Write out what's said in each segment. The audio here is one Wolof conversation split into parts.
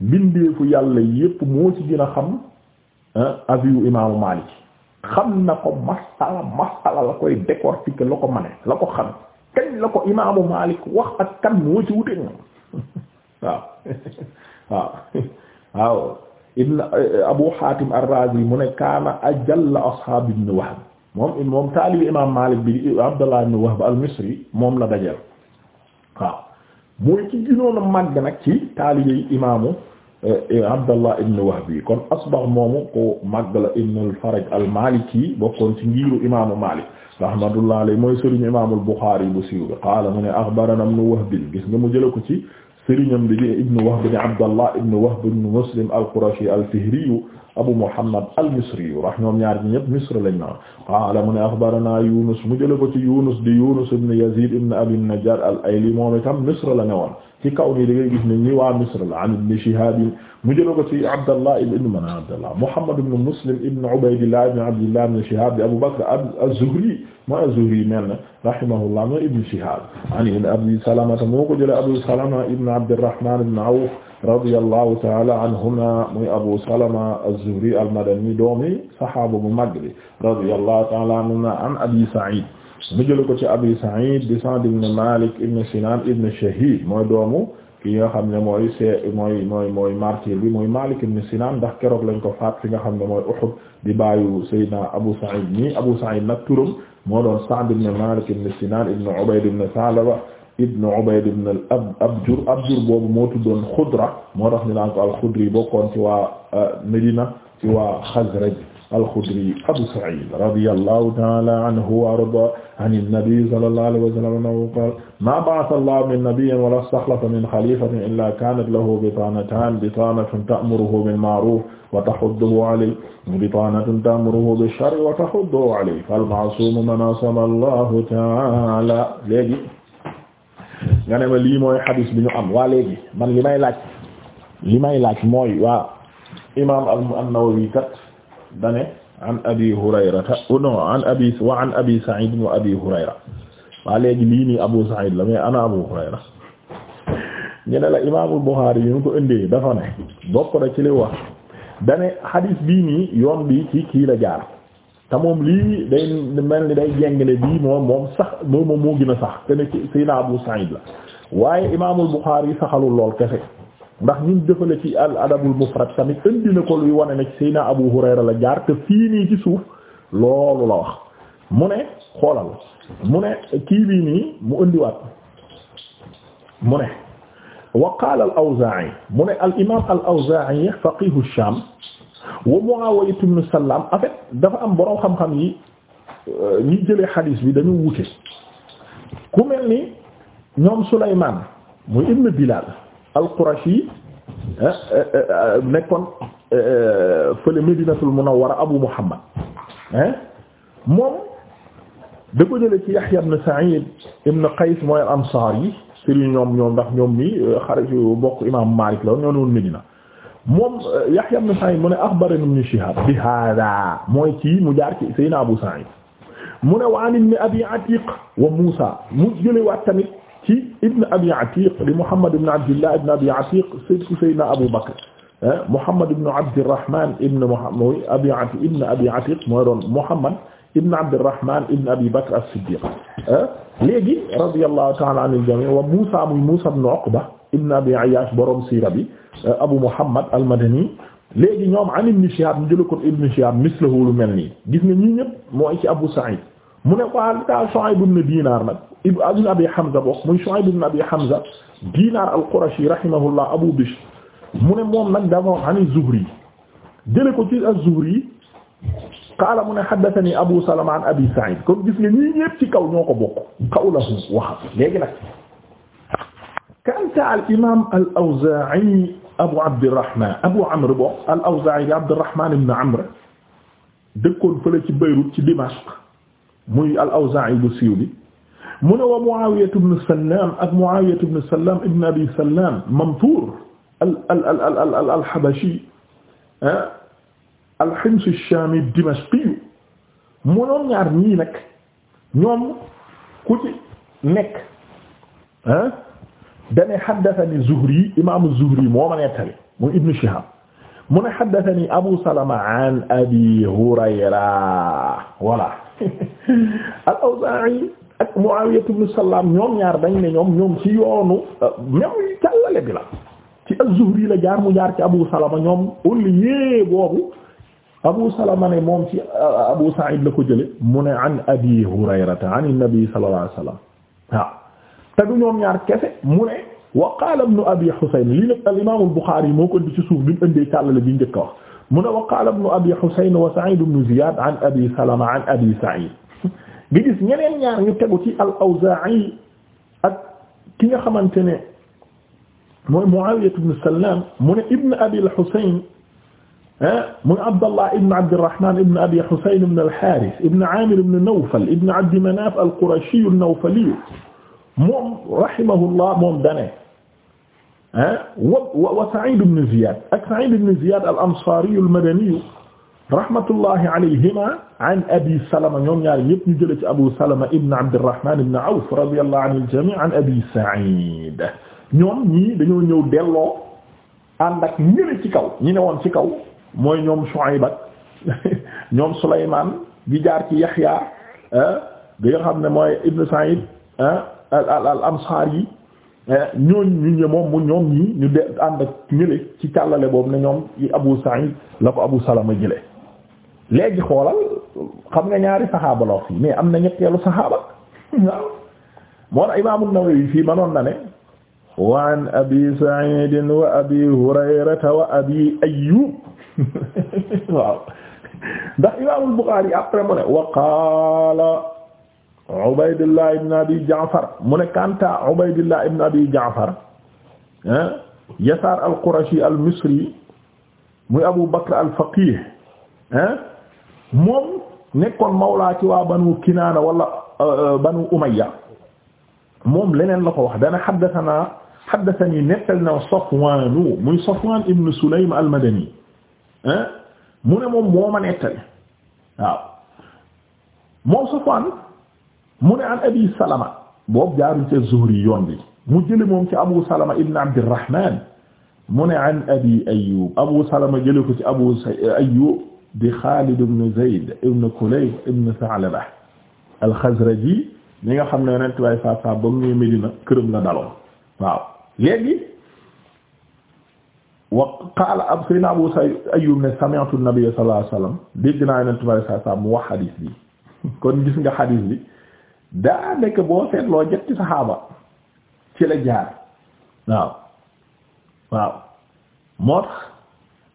mbindeefu yàlla yépp moo ci gën a xam aviu imaamu Maalik xam na ko masala masala la koy décortiquer la ko mane la ko xam kañ la ko imaamu Maalik wax ak kan moo ci wute ñoom waaw waaw waaw eh, Abu Hatim ar mu ne kaana la ashab ibn Wahb moom moom taalibi imam Maalik bi Abdullah ibn Wahb al moom la dajeel mooy ci gënoon a màgg nag ci taalibey imaamu eh, Abdallah ibn Wahb yi kon asbax moomu ko màgg la ibn al-Faraj al-Maliki bokkoon ci ngiiru imaamu Maalik rahmatullah alayhi mooy sëriñu imaamul Buxaari bu siiw bi qaala mu ne axbarana ibn Wahb gis nga mu jëla ko ci sëriñam bi di ibnu Wahb ibn Abdallah ibnu Wahb ibn Muslim al-Qurashi al-Fihri Abu Muhammad al-Misri rax ñoom ñaar ñëpp Misr lañ naan qaala mu ne axbaranaa Yunus mu jëlee ko ci Yunus di Yunus ibn Yazid ibn Abi an-Najjar al-Ayli moom itam Misr la ne woon ci kaw nii da ngay gis ne ñi waa Misr la an ibn Shihab mu jëlo ko ci Abdallah ibn man Abdallah Muhammad ibn Muslim ibn Ubaydillah ibn Abdillah ibn Shihab Abu Bakr az-Zuhri ma az-Zuhri mel na rahimahullah ma ibn Shihab an ibn Abi Salama moo ko jële Abu Salama ibn Abdurrahman ibn Awf radiyallahu ta'ala anhuma muy Abu Salama az-Zuhri al-Madani doomi sahaaba bu mag bi radiyallahu ta'ala anhu an Abi Sa'id mu jële ko ci Abi Sa'id di Sa'd ibn Malik ibn Sinan ibn Shahid mooy doomu ki nga xam ne mooy see mooy mooy mooy martyr bi mooy Malik ibn Sinan ndax keroog lañ ko faat fi nga xam ne mooy Uhud di baayu Seydina Abu Sa'id nii Abu Sa'id nag turam moo doon Sa'd ibn Malik ibn Sinan ibn Ubayd ibn Sa'laba ibn Ubayd ibn al Abjur Abjur boobu moo tuddoon Xudra moo tax ñu naan ko al-Xudri bokkoon ci waa euh, Medina ci waa Xasraj al-Khudri Abu Sa'id radiyallahu ta'ala anhu wa arda an an-nabi sallallahu alayhi wa sallam annahu qala ma ba'atha Allahu min nabiyyin wa la istakhlafa min khalifatin illa kanat lahu bitanatan bitanatun ta'muruhu bil ma'ruf wa tahudduhu alayhi bitanatun ta'muruhu bil sharri wa tahudduhu alayhi fal-ma'sum man asama Allahu ta'ala léegi nga ne ma lii mooy hadis bi ñu am waa léegi man li may laaj li may laaj mooy waa imam an-Nawawi kat dane an abi hurayrata waa léegi lii nii abu sa'id la mais ana abu hurayra ñu la imaamul buxaari yi ñu ko indee dafa ne bokk na ci li wax dane xadiis bii nii yoon bi ci kii la jaar te moom lii day mel ni day jengale bii moom moom sax moom moom moo gën a sax te ne ci Abu Sa'id la waaye imaamul buxaari yi saxalul lool kese ndax ñun defale ci al adabul mufrad tamit indi na ko luy wane ne ci Abu Hurayra la jaar te fii nii ci suuf loolu la wax mu ne xoolal mu ne kii bii nii mu indiwaat mu ne wa qaala al-Awzaa'i mu ne al imaam al-Awzaa'i faqihu Shaam wa Mu'aawiya ibn Sallaam en dafa am boroom xam-xam yi euh, ñi jëlee xadiis bi dañu wute ku mel ni ñoom Sulaymaan muy ibn Bilaal al-Qurashi eh, eh, eh, nekkoon fële Madinatul Munawwara Abu Muhammad moom da ko jële ci Yahya ibn Sa'id ibn Qays mooy al-Ansari sëriñ ñoom ñoom ndax ñoom mi xarit yu bokk imam Malik la ñoo woon Medina moom Yahya ibn Sa'id mu ne akhbarani ibn Shihab bi hada mooy ci mu jaar ci Seydina Abu Sa'id mu ne wa an ibn Abi Atiq wa Musa mu jële waat tamit ci ibn abi atiq di muhammad ibn abdillah ibn abi atiq sëtu saydna abu bakr muhammad ibn abdirahman ibn muhammad abi atiq ibn abi atiq mooy doon muhammad ibn abdirahman ibn abi bakr as-siddiq léegi radiyallahu ta'ala anil jami' wa musa muy musa ibn uqba ibn abi ayyash borom siira bi euh, abu muhammad al-madani léegi ñoom an ibn shihab ñu jëla ko ibn shihab mislahu lu mel nii gis nga ñii ñëpp mooy ci abu sa'id mu ne ko li daal Shu'ayb ibn dinar nag ibn abi hamza bokk muy shu'ayb ibn abi hamza dinar al-qurashi rahimahullah abu bishr mu ne moom nag dafa ani zuhri jële ko ci az-zuhri qaala mu ne haddathani abu salama an abi sa'id kon gis nga ñii ñépp ci kaw ñoo ko bokk qawluhu waxa léegi nag kanta al imam al awza'i abu abdirrahman abu amr bokk al awza'i bi abdirrahman ibn amr dëkkoon fële ci Beyrouth ci Dimashq muy al awza'i bu siiw bi mu ne wa Muawiya ibn Sallaam ak Muawiya ibn Sallaam ibn Abi Sallaam Mamtuur al al al al al al Habashi ah, al-Hims ash-Shaami ad-Dimashqi mu noon ñaar ñii nag ñoom ku ci nekk ah dane haddathani Zuhri imaamu Zuhri moo ma nettali mu Ibn Shihab mu ne haddathani Abu Salama an Abi Hurayra voilà al-Awzaa'i ak Muawiya ibn Sallaam ñoom ñaar dañ ne ñoom ñoom si yoonu euh, même càllale bi la ci az-Zuhri la jaar mu jaar ci Abu Salama ñoom au lieu boobu Abu Salama ne moom ci euh, Abu Sa'id la ko jële mu ne an Abi Hurayrata an an-Nabi du ñoom ñaar kese mu ne wa qaala ibn Abi Husayn lii nag al-Imam al-Bukhari moo ko ci suuf bi mu indee càllale bi njëkk a mu ne wa qaala ibn Abi Husayn wa Sa'id ibn Ziyad an Abi Salama Sa'id nga gis ñeneen ñaar ñu tegu ci al-Awzaa'i ak ki nga xamante ne mooy Muawiya ibn Sallaam mu ne Ibn Abi al-Husayn ah, mu ne Abdallah Ibn Abdirrahmaan Ibn Abi Husayn Ibn al-Haaris Ibn Aamir Ibn Nawfal Ibn Abdi Manaaf al-Qurashi an-Nawfali moom rahimahullah moom dane ah wa wa Sa'iid ibn Ziyaad ak Sa'iid ibn Ziyaad al-Ansaari al-Madani rahmatullahi alayhima an abi salama ñoom ñaar ñëpp ñu jële ci abu salama ibn abdirahman ibn awf radiyallahu anil jami' an abi sa'id ñoom ñii dañoo ñëw delloo ànd ak ñële ci kaw ñi ne woon ci kaw mooy ñoom Shuayb ak ñoom Sulaymaan di jaar ci Yaxya ah, bi nga xam ne mooy ibn Sa'id ah, al al ansaar yi ah, ñooñ ñu ñë moom mu ñoom ñii ñu de ànd ak ñële ci càllale boobu ne ñoom yi Abu Sa'id la ko Abu Salama jële léegi xoolal xam nga ñaari saxaaba la wax mais am na ñetteelu saxaaba waaw moo tax fi An-Nawawi fii manoon na ne wa an abi Sa'id wa abi Hurayrata wa abi Ayyub waaw ndax Imaam Al-Bukhari mu ne wa qaala Ubaydullah mu ne kanta Ubaydullah Abi Ja'far ah, Yasaar al-Qurashi al-Misri muy Abu Bakr al-Faqih ah, moom nekkoon mawlaa ci waa banu kinaana wala euh, euh, banu umayya moom leneen la ko wax dana haddathana haddathani nettal na Safwaanu muy Safwaan ibn Sulaym al-Madani mu ne moom moo ma nettali waaw moom Safwaan mu ne an Abi Salama boobu jaarul ci Zuhri yoon bi mu jëli moom ci Abu Salama ibn Abdirrahman mu ne an Abi Ayyub Abu Salama jëli ko ci Abu Ayyub di Xaalid ibn Zayd ibn Kulayb ibn Sa'laba al-Xazraji mi nga xam ne yonent bi ay saa saa ba mu ñëwee Medina këram la daloon waaw léegi wa qaala ab Sayyidina Abu Ayyub ne sami'tu an-Nabiyya sallallahu mu wax xadiis bi kon gis nga xadiis bi daa nekk boo seetloo ñetti saxaaba ci la jaar waaw waaw moo tax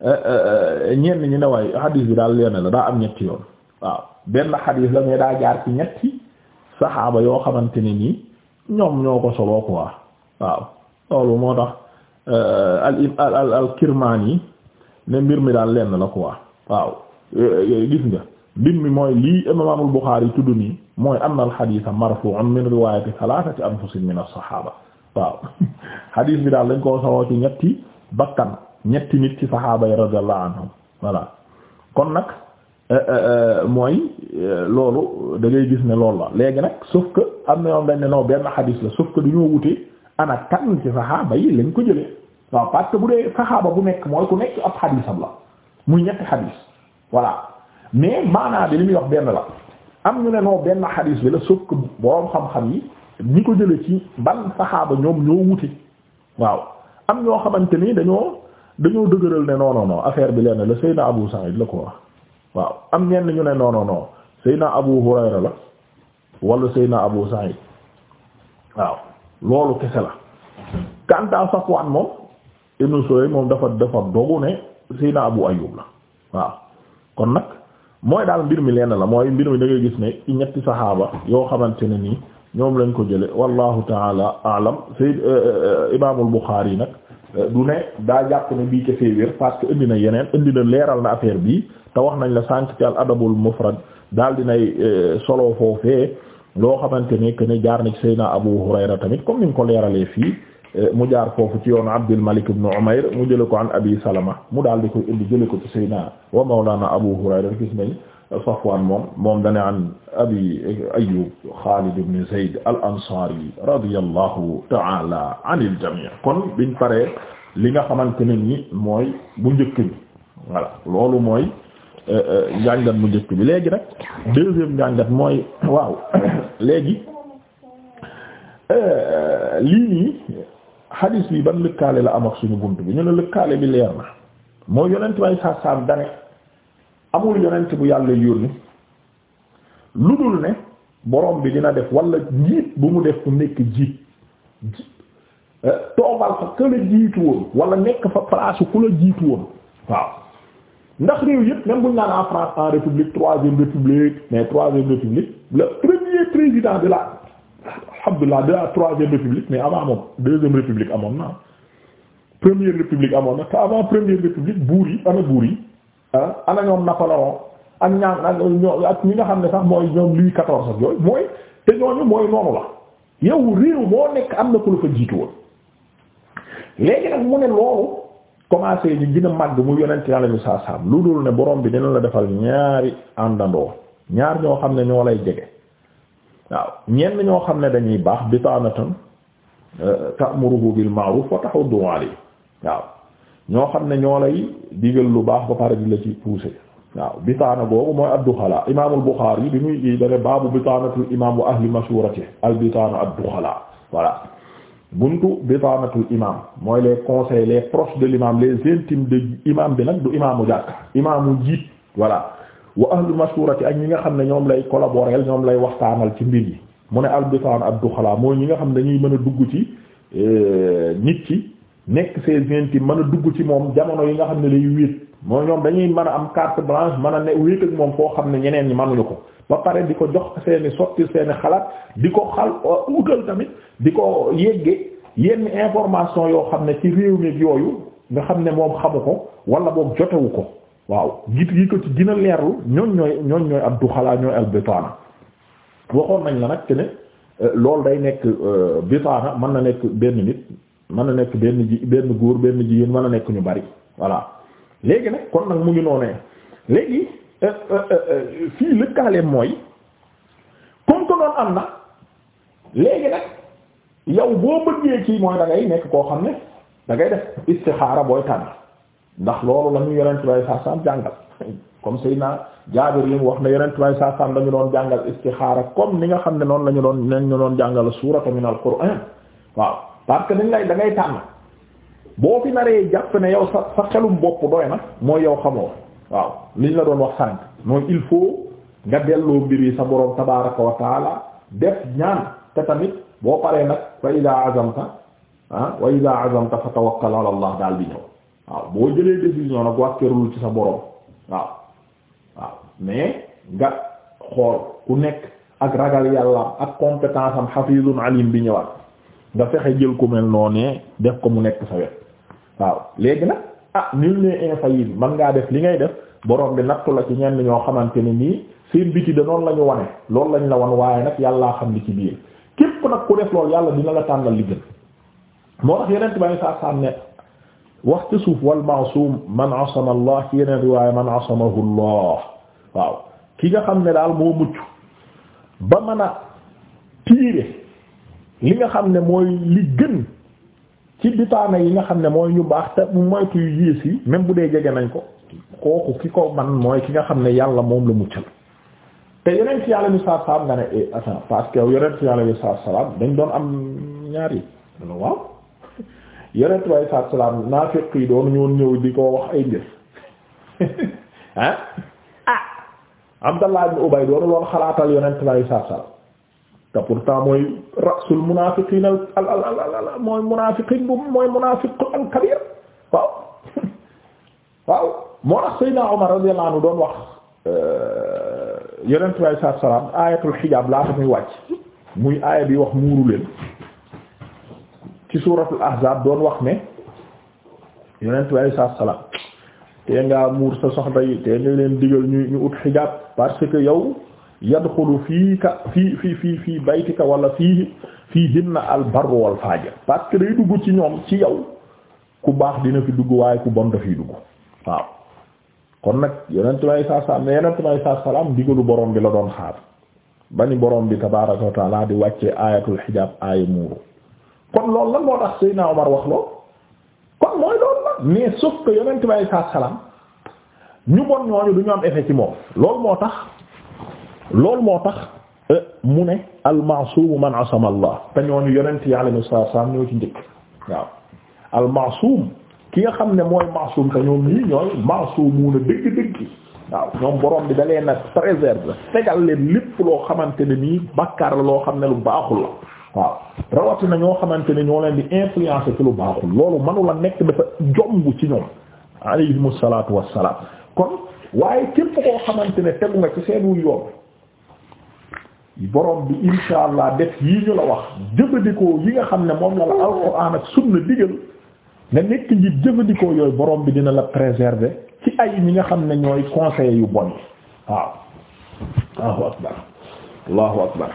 Eh, eh, eh, ñenn ñi ne waaye hadis bi daal leen la daa am ñetti yoon waaw benn hadis la mais daa jaar ci ñetti saxaaba yoo xamante ne nii ñoom ñoo ko solo quoi waaw loolu moo tax al al al Kirmaani ne mbir mi daal lenn la ko quoi waaw gis nga mbir mi mooy lii imaamul Buxaari tudd nii mooy anna al hadiisa marfuu'un min riwaayati salaasati anfusin min as-saxaaba waaw hadis bi daal lañ koo solo ci ñetti bakkan. ñetti nit ci saxaaba yi radiyallahu anhum voilà kon nag euh, euh, euh, mooy loolu da ngay gis ne loolu la léegi nag sauf que am na yoon dañ ne benn xadis la sauf que duñoo wute ana kan ci saxaaba yi lañ ko jëlee waaw parce que bu dee saxaaba bu nekk mooy ku nekk ab xadisam la muy ñetti xadis voilà mais maanaa bi li muy wax benn la am ñu ne benn xadis bi la sauf que boroom xam-xam yi ñi ko jëlee ci ban saxaaba ñoom ñoo wute waaw am ñoo xamante ni dañoo. dañoo dëgëral ne non non non bi lenn la Seydina Abu Sa'id la ko wax waaw am ñenn ñu ne non non non Seydina Abu Hurayra la wala Seydina Abu Sa'id waaw loolu kese la kanta Safwan moom Ibn Sulayh moom dafa dafa dogu ne Seydina Abu Ayyub la waaw kon nag mooy daal mbir mi lenn la mooy mbir mi da gis ne ci ñetti saxaaba yoo xamante ne nii ñoom lañ ko jële wallahu taala alam Seyd euh, euh, euh, Imaamul Bukhari nag du ne daa jàpp ne bii ca février parce que indi na yeneen indi na leeral na affaire bii te wax nañ la sànq ci al adabul mufrad daal dinay eh, solo foofee loo xamante ne que ne jaar na ci Seydina Abu Hurayra tamit comme ni ñu ko leeralee fii eh, mu jaar foofu ci yoonu Abdul Malik ibn Umayr mu jële ko an Abi Salama mu daal di koy indi jële ko ci Seydina wa Mawlana Abu Hurayra gis nañ Safwan moom moom dane an abi Xaalid ibn Zayd al-Ansaari radiyallahu ta'ala anil jamii kon biñ paree li nga xamante ne ni mooy bu njëkk bi voilà loolu mooy euh, euh, njàngat bu njëkk bi léegi nag deuxième njàngat mooy waaw léegi euh, lii nii xadiis bi ban lëkkaale la am ak suñu bunt bi ñu ne lëkkaale bi leer na mooy yonent way sa sam dane amul yonent bu yàlla yónni lu dul ne borom bi dina def wala njiit bu mu def ku nekk jiit toogal fa ka la jiitu woon wala nekk fa place ku la jiitu woon waaw ndax réew yëpp même bu ñu naan en France en république troisième république mais troisième république le premier président de la alhamdulillah de la troisième république mais avant moom deuxième république amoon na première république amoon na première république buur yi ana buur yi ana ñoom Napoléon ak ñaan ñoo ak ñi nga xam ne sax mooy ñoom Louis quatorze ak yooyu mooy te ñooñu mooy noonu la yow réew moo nekk am na ku la fa jiitu woon léegi nag mu ne loolu commencé ñu gën a màgg mu yonent yàlla ñu saa saam lu dul ne borom bi dina la defal ñaari àndandoo ñaar ñoo xam ne ñoo lay jege waaw ñenn ñoo xam ne dañuy baax bi ta'matan eh, ta'muruhu bil ma'ruf wa tahuddu alayhi waaw ñoo xam ne ñoo lay digal lu baax ba pare di la ci pousser waaw bitaana googu mooy adduxalaa imaamul Buxaari bi muy i dane baabu bitaanatul imaam wa ahli mashurati al bitaana adduxalaa voilà buntu bitaanatul imam mooy les conseils les proches de l'imam les intimes de imam bi nag du imaamu jàkk imaamu jiit voilà wa ahlu mashurati ak ñi nga xam ne ñoom lay collaborer ñoom lay waxtaanal ci mbir yi mu ne al bitaan adduxalaa mooy ñi nga xam ne dañuy mën a dugg ci eh, nit ci nekk ses intime mën a dugg ci moom jamono yi nga xam ne lay wéet mooy ñoom dañuy mën a am carte blanche mën a ne wéet ak moom foo xam ne ñeneen ñi mënuñu ko ba pare di ko jox seeni sotti seeni xalaat di ko xal euh, utal tamit di ko yegge yenn information yoo xam ne ci réew mi yooyu nga xam ne moom xamu ko wala boog jotewu ko waaw git gi ko ci gina leerlu ñooñ ñooy ñooñ ñooy ab du xalaat ñooy al bitaana waxoon nañ la nag te ne euh, loolu day nekk euh, bitaana mën na nekk benn nit mën a nekk benn ji benn góor benn jigéen mën a nekk ñu bari voilà léegi nag kon nag mu ngi noonee léegi euh, euh, euh, fii lëkkaaleem mooy comme que noonu am na léegi nag yow boo bëggee kii mooy da ngay nekk koo xam ne da ngay def istixaara booy tànn ndax loolu la ñu yonent bay saa saam jàngal comme naa Jaabir li mu wax ne yonent bay saa saam dañu doon jàngal istixaara comme ni nga xam ne noonu la ñu doon leen ñu doon jàngal suurata min al-Qur'aan waaw. parce que dañ lay da ngay tànn boo fi naree jàpp ne yow sa sa xelum bopp doy na mooy yow xamoo waaw liñ la doon wax sànq mooy il faut nga delloo mbir yi sa boroom tabaraka wa def ñaan te tamit boo paree nag fa ida ah, azamta fa tawakkal waaw ci sa boroom waaw waaw mais nga xool ku nekk ak ragal yàlla ak compétence am xafizun alim bi ñëwaat nga fexe jël ku mel noonee def ko mu nekk sa waaw léegi nag ah nul n'est infaillible man ngaa def li ngay def borom bi nattu la ci ñenn ñoo xamante ne nii seen biti de noonu la ñu wane loolu lañu la wan waaye nag yàllaa xam ni ci biir képp nag ku def loolu yàlla dina la tànnal li gën moo tax yeneen tubaab yi saa saa ne wax ci suuf wal ma'sum man asama allah ci yeneen riwaaya man asamahu allah waaw ki nga xam ne daal moo mucc ba mën a tiire li nga xam ne mooy li gën ci bitaana yi nga xam ne mooy ñu baax te mu moytu yu yées yi même bu dee jege nañ ko kooku ki ko man mooy ki nga xam ne yàlla moom la muccal te yonent yàlla bi saa salaam nga ne eh attends parce que yonent yàlla bi saa salaam dañ doon am ñaari yi loolu waaw yonent waaye saa salaam yi doon ñëw ñëw di ko wax ay mbir ah ah Abdallah ibn Ubay doon loolu xalaatal yonent waaye saa salaam. te pourtant mooy rasul munaafiqiin al al al mooy munaafiqiin bu mooy munaafiq al kabir waaw waaw moo tax Seydina Omar radiyallahu anhu doon wax euh, yonent bi sallallahu alayhi wa sallam aayatul xijaab laata muy wàcc muy aaya bi wax muuru leen ci suuratul ahzaab doon wax ne yonent bi sallallahu alayhi wa sallam tee ngaa muur sa soxna yi tee nga leen digal ñu ñu ut xijaab parce que yow. yadxulu fii ka fii fii fii fii baytika wala fii fii hinna al barru wal fajir parce que day dugg ci ñoom ci yow ku baax dina fi dugg waaye ku bon dafiy dugg waaw kon nag yonent may saa salaam ne yonent may saa salaam digalu borom bi la doon xaar ba ni borom bi tabaaraka wa taala di wàcce aayatul xijaab aaya muuru kon loolu lan moo tax Seydina Omar wax lool kon mooy loolu la mais sauf que yonent may saa salaam ñu bon ñooñu du ñu am effet ci moom loolu moo tax. loolu moo tax euh, mu ne almaasuumu man asama allah te ñooñu yonent yi alayhi salaam ñoo ci njëkk waaw almaasuum ki nga xam ne mooy maasuum te ñoom ñii ñooy maasuumuuna dëgg-dëgg waaw ñoom borom bi dalee nag a préserver leen lépp loo xamante ne nii bàkkaar la loo xam ne lu baaxul la waaw na ñoo xamante ne ñoo leen di influencer ci lu baaxul loolu manula nekk dafa jomb ci ñoom alayhimu salaatu wassalaam kon waaye képp koo xamante ne tegu nga ci seen boroom bi insha allah def yi ñu la wax jëfandikoo yi nga xam ne moom la la alxuraan ak sunna digal nga nekk ngi jëfandikoo yooyu boroom bi dina la préserver ci ay ñi nga xam ne ñooy conseil yu bon waaw allahu akbar allahu akbar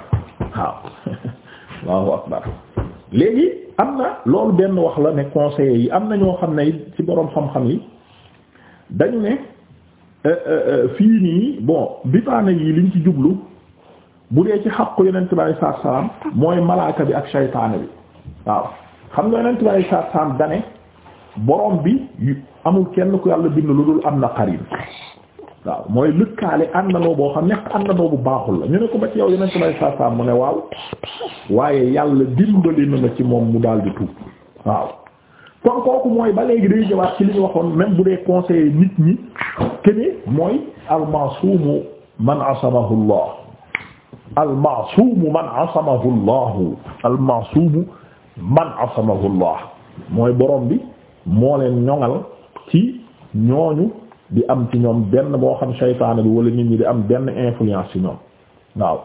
waaw allahu akbar léegi am na loolu benn wax la ne conseillers yi am na ñoo xam ne ci boroom xam-xam yi dañu ne euh, euh, euh, fii nii bon bi paana yi liñ ci jublu bu dee ci xaqu yonent bi alayhi salaatu salaam mooy malaaka bi ak shaytaane bi waaw xam nga yonent bi alayhi salaatu salaam dane borom bi amul kenn ku yàlla bind lu dul am na xarin waaw mooy lëkkaale àndandoo boo xam ne àndandoo bu baaxul la ñu ne ko ba ci yow yonent bi alayhi mu ne waaw waaye yàlla dimbali na ma ci moom mu daal di tuub waaw kon kooku mooy ba léegi day jëwaat ci li ñu waxoon même bu dee conseiller nit ñi kene mooy al masuumu man asamahu almaasuumu man asamahu llahu almaasuumu man asamahu llah mooy borom bi moo leen ñoŋal ci ñooñu di am ci ñoom benn boo xam seytaane bi wala nit ñi di am benn influence ci ñoom waaw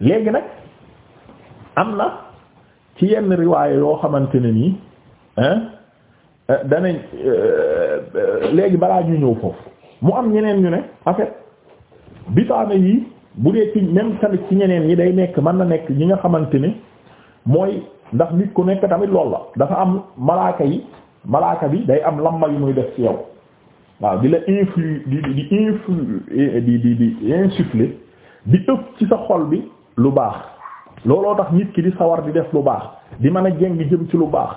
léegi nag am na ci yenn riwaaya yoo xamante ne nii eh, danañ eh, eh, léegi balaa ñu ñëw foofu mu am ñeneen ñu ne en bitaane yi bu dee ci même tamit ci ñeneen yi day nekk mën na nekk ñi nga xamante ni mooy ndax nit ku nekk tamit lool la dafa am malaaka yi malaaka bi day am lamma yu muy def ci yow waaw di la influ di di di di di insuffler ëpp ci sa xol bi lu baax looloo tax nit ki di sawar di def lu baax di mën a jeng jëm ci lu baax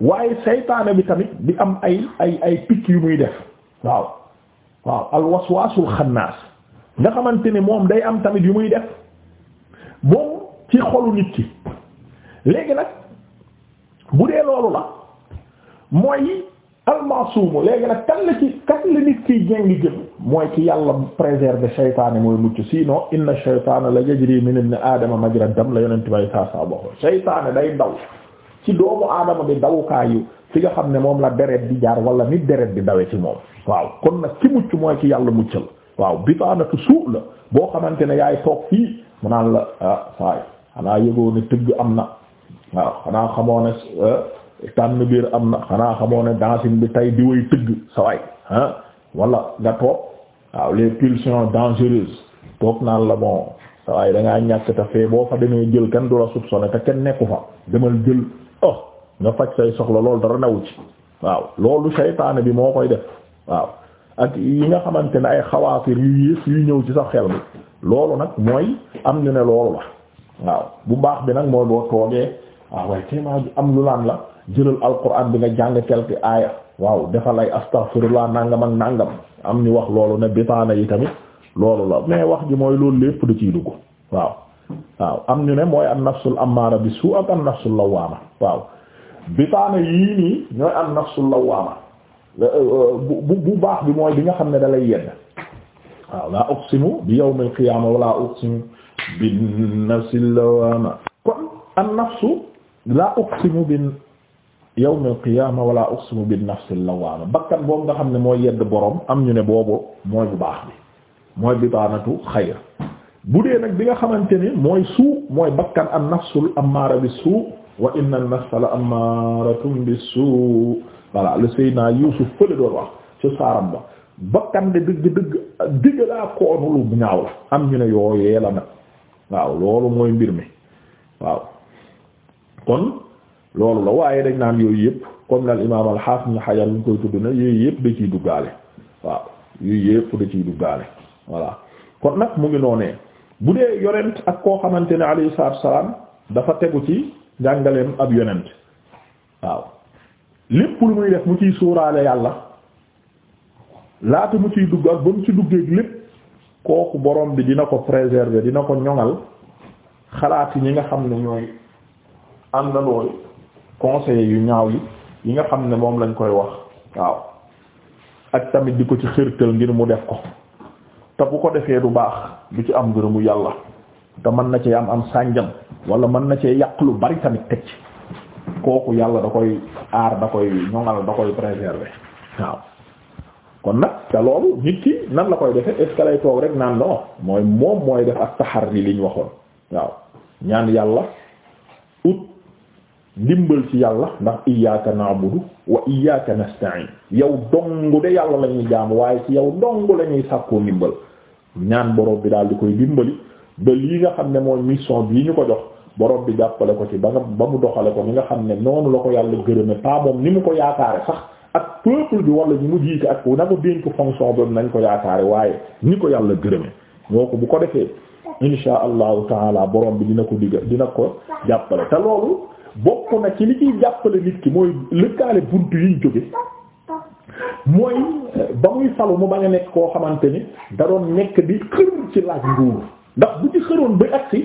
waaye seytaane bi tamit di am ay ay ay picc yu muy def waaw waaw al waswasul nga xamante ne moom day am tamit yu muy def moom ci xolu nit ki léegi nag bu dee loolu la mooy almaasuumu léegi nag kan la ci kan la nit kiy jéngi jëm mooy ci yàlla préserver seytaane mooy mucc sinon inna shaytaana la yajri min ibn aadama majra la yonent bay saa saa bokk seytaane day daw ci doomu aadama bi dawukaayu fi nga xam ne moom la deret di jaar wala nit deret di dawe ci moom waaw kon nag ci mucc mooy ci yàlla muccal waaw bitaanatu suu la boo xamante ne yaay toog fii mu naan la ah saay xanaa yëgoo ne tëgg am na waaw xanaa xamoo ne eh, tànn biir am na xanaa xamoo ne dansin bi tay di way tëgg sa waay ah wala nga toog waaw les pulsions dangereuses toog naan la bon sa waay da ngaa ñàkk te fee boo fa demee jël kenn du la soupçonné te kenn nekku fa demal jël oh nga faj say soxla loolu dara newu ci waaw loolu seytaane bi moo koy def waaw ak yi nga xamante ne ay xawaatir yu yées yu ñëw ci sa xel bi loolu nag mooy am ñu ne loolu la waaw bu baax bi nag mooy boo toogee waaw ah waaye téemaa bi am lu laan la jëlal alquran bi nga jàng quelque aaya waaw defal ay astaghfirullah nangam ak nangam am ñu wax loolu ne bitaana yi tamit loolu la mais wax ji mooy loolu lépp da ciy dugg waaw waaw am ñu ne mooy an nafsul ammaara bi suu ak an nafsul lawaama waaw bitaana yii nii ñooy an nafsul lawaama bu baax bi mooy bi nga xam ne dalay lay yedd waaw laa uqsimu bi yawmil qiyaama wala uqsimu bin nafsil lawaama kon an nafsu laa uqsimu bi yawmil qiyaama wala uqsimu bin nafsil lawaama bakkan boobu nga xam ne mooy yedd borom am ñu ne boobu mooy bu baax bi mooy bitaanatu xayr bu dee nag bi nga xamante ni mooy suu mooy bakkan an nafsul ammaara bi suu wa inna an nafsa la ammaaratun bi suu voilà le naa Yuusuf fële doon wax ci saaram ba bakkan dëgg dëgg digga laa koonu lu ñaaw la am ñu ne yooyee la nag waaw loolu mooy mbir mi waaw kon loolu la waaye dañ naan yooyu yëpp comme nal imaam al-Hafiz Ibn Hajar ñu koy tudd na yooyu yëpp da ciy duggaale waaw yooyu yëpp da ciy duggaale voilà kon nag mu ngi noonee bu dee yonent ak koo xamante ne alayhi salaatu salaam dafa tegu ci njàngaleem ab yonent waaw lépp lu muy def mu ci suuraale yàlla laata mu ciy dugg ak ba mu ci duggee lépp kooku borom bi dina ko préserver dina ko ñoŋal xalaat yi ñi nga xam ne ñooy àndandoo conseil yu ñaaw yi yi nga xam ne moom lañ koy wax waaw ak tamit di ko ci xërtal ngir mu def ko te bu ko defee du baax du ci am ngërëmu yàlla te mën na cee am am sànjam wala mën na cee yàq lu bari tamit teg kooku yàlla da koy aar da koy ñoŋal da koy préserver waaw kon nag te loolu nit ki nan la koy defee est ce que rek naan non mooy moom mooy def ak taxar li liñ waxoon waaw ñaan yàlla ut ndimbal ci yàlla ndax iyyaka na'budu wa iyyaka nasta'in yow dong de yàlla la ñuy jaam waaye ci yow dong la ñuy sàkkoo ndimbal ñaan borom bi daal di koy dimbali ba lii nga xam ne mooy mission bii ñu ko jox borom bi jàppale ko ci ba nga ba mu doxale ko ni nga xam ne noonu la ko yàlla gërëme pas moom ni mu ko yaakaare sax ak peuple bi wala ñi mu jiite ak na ko dénk fonction boobu nañ ko yaakaare waaye ni ko yàlla gërëme moo ko bu ko defee insha allahu taala borom bi dina ko digga dina ko jàppale te loolu bokk na ci li ciy jàppale nit ki mooy lëkkaale bunt yiñ jóge mooy ba muy falu mu bañ a nekk koo xamante ni da doon nekk di xër ci laaj nguur ndax bu ci xëroon ba agsi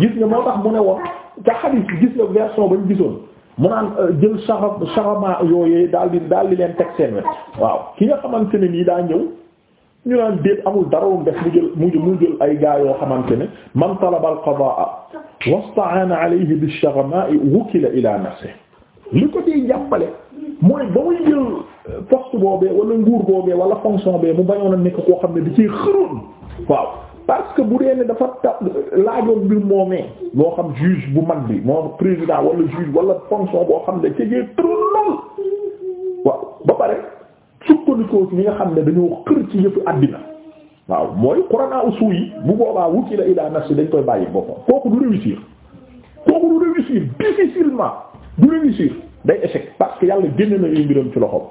gis moo tax mu ne woon ca xadiis gis nga version ba ñu gisoon mu naan euh, jël saxab saxamaa yooyee daal di daal di leen teg seen wet waaw ki nga xamante ne nii daa ñëw ñu naan amul dara woon def mu jël ay gaa yoo xamante ne man talaba al qadaa wasta'ana alayhi bi saxamaa wukila ila nafsi li ko ciy jàppale mooy ba muy jël euh, poste boobee wala nguur boobee wala fonction bee mu bañoon a nekk koo xam ne di ciy xëroon waaw parce que bu dee ne dafa ta laajoon mbir moomee moo xam juge bu mag bi moo président wala juge wala fonction boo xam ne cegee trop lool waaw ba pare sukkandikoo ci ñi nga xam ne dañoo xër ci yëfu àddina waaw mooy xurana usuu yi bu boobaa wuti la ila nafsi dañ koy bàyyi boppam kooku du réussir kooku du réussir difficilement du réussir day échec parce que yàlla génne na ay mbiram ci loxoom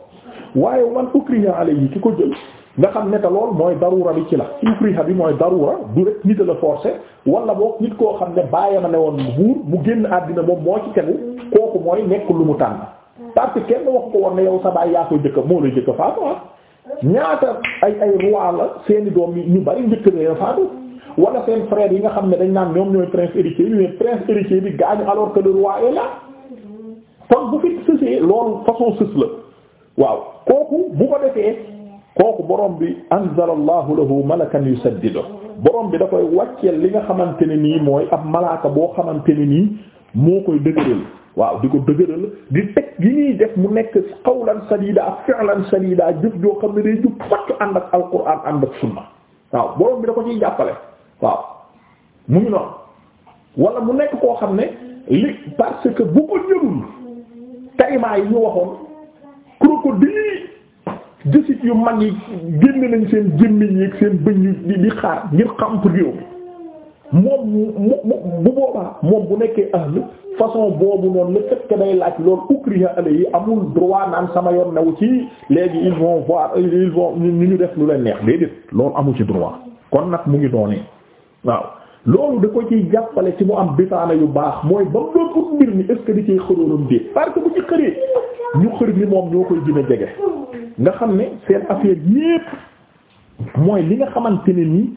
waaye man ukriya alayhi ki ko jël nga xam ne te lool mooy darura bi ci la ifriha bi mooy darura du rek nit a la forcé wala boog nit koo xam ne bàyyama ne woon buur mu génn àddina moom moo ci tegu kooku mooy nekk lu mu tànn parce que kenn wax ko woon ne yow sa baay yaa koy jëkka moo lay jëkka faatu ah ñaata ay ay roi la seeni doom yi ñu bari njëkk leen faatu wala seen frère yi nga xam ne dañ naan ñoom ñooy prince héritier bi mais prince héritier bi gaañu alors que le roi kooku borom bi anzalallahu lahu malakan yusaddidu borom bi da koy wàcceel li nga xamante ne nii mooy ab malaaka boo xamante ne nii moo koy dëgëral waaw di ko dëgëral di teg gi ñuy def mu nekk qawlan sadida ak fi'lan sadida jëf joo xam ne day jub fàcc ànd ak alquran ànd ak sunna waaw borom bi da ko ciy jàppale waaw mu ngi noonu wala mu nekk koo xam ne li parce que bu ko jëlul taymaa yi ñu waxoon crocodile jësit yu mag yi génn nañ seen gémmiñ yi ak seen bëñ yi di xaar ngir xam réew mi moom bu boobaa moom bu nekkee ahl façon boobu noonu le fait que day laaj loolu ukriha yi amul droit naan sama yoon new ci léegi il vont voir ils vont ñu ñu def lu leen neex déedéet loolu amu ci droit kon nag mu ngi doonee waaw loolu da ko ciy jàppale ci mu am bitaana yu baax mooy ba mu doon ut mbir mi est ce que di ciy xëroonam déet parce bu ci xëree ñu xër ni moom ñoo koy nga xam ne seen affaire yépp mooy li nga xamante ne nii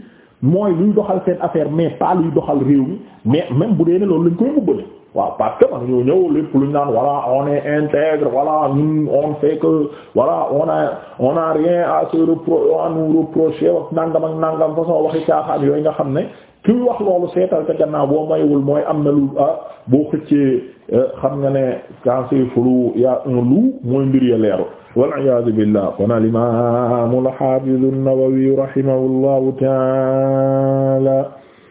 mooy luy doxal seen affaire mais pas luy doxal réew mi mais même bu dee ne loolu lañ koy mubbale waaw parce que man ñëw lépp lu naan voilà on est intègre voilà ñun on fait que voilà on a on a rien à se repro à nous reprocher wax nangam ak nangam façon waxi caaxaan yooyu nga xam ne kuy wax loolu seetal ca gannaaw boo mayewul mooy am na lu ah boo xëccee eh, xam nga ne quand c'est flou y un loup mooy mbir ya waliyaadu billah kon al imaam al haafiz an-Nawawi rahimahullahu ta'ala